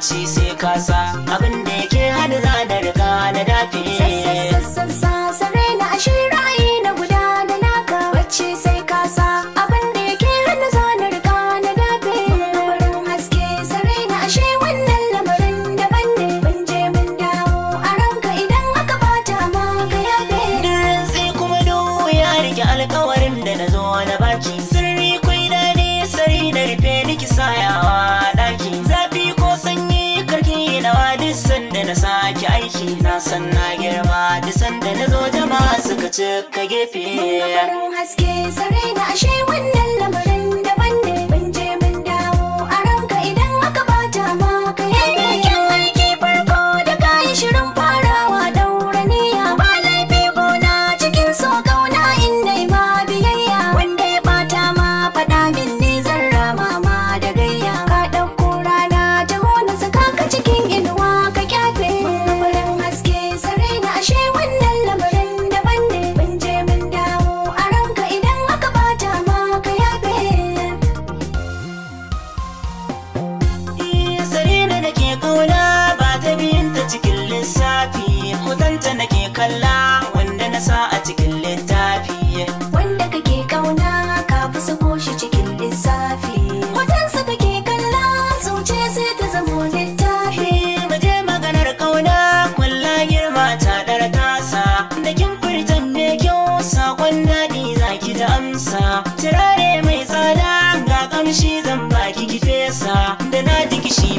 ci sai kasa abin da yake hada da sanna san na girma duk sanda na zo jama'a suka cika gefe. Mabarin haske sarai na ashe wannan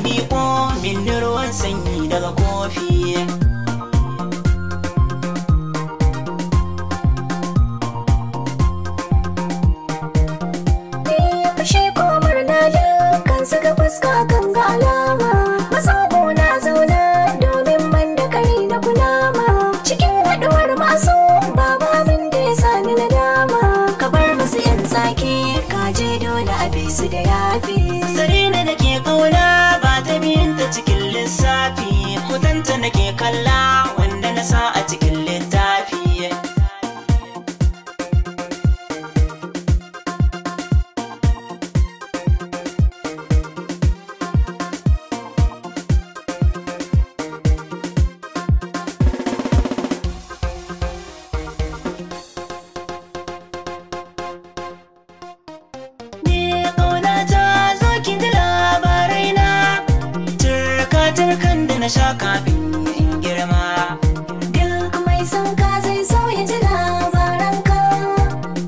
miƙo min ruwan sanyi daga kofi Fashe komar na dukkan suka fuska kan alama. Masogo na zauna domin man na kunama Cikin haɗuwar masu babu da ya sami nadama. Ka bar musu 'yan sake kaje dole a su da yafi Sare na da ke ƙauna ilimin ta cikin lissafi mutanta nake kalla sha kafin in girma duk mai son zai so ya ji labaran ka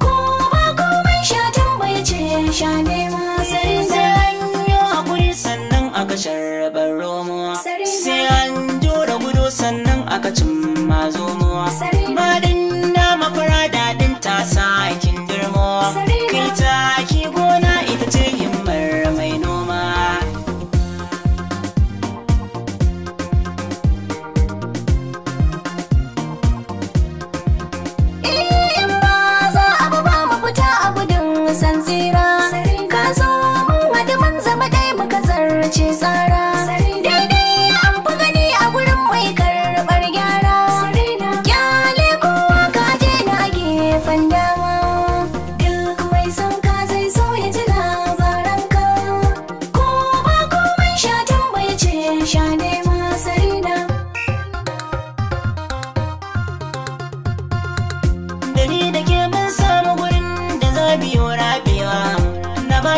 ko ba komai sha tambaye ce sha nema sai sai an yi hakuri sannan aka sharbar romo sai an jura gudu sannan aka cimma zomo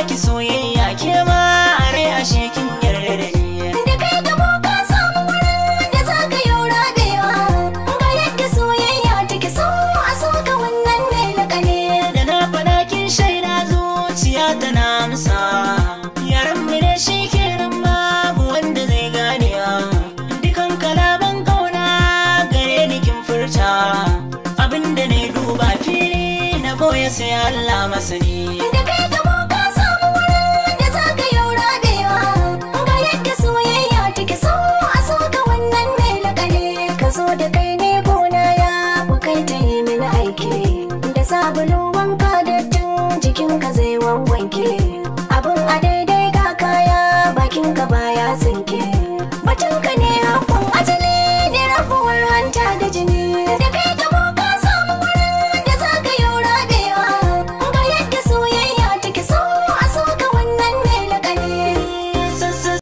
ki soyayya ke ma are a shekin yarda da ni da kai ga mu ka samu wurin wanda za ka yaura da yawa ga yadda soyayya take so a so ka wannan ne na kane da na fada kin shaida zuciya ta na amsa yaran mu ne shi kenan babu wanda zai gane dukan kalaban kauna gare ni kin furta abinda ne duba fili na boye sai Allah masani zai wanke abin a daidai ga kaya bakin ka baya sinke batun ka ne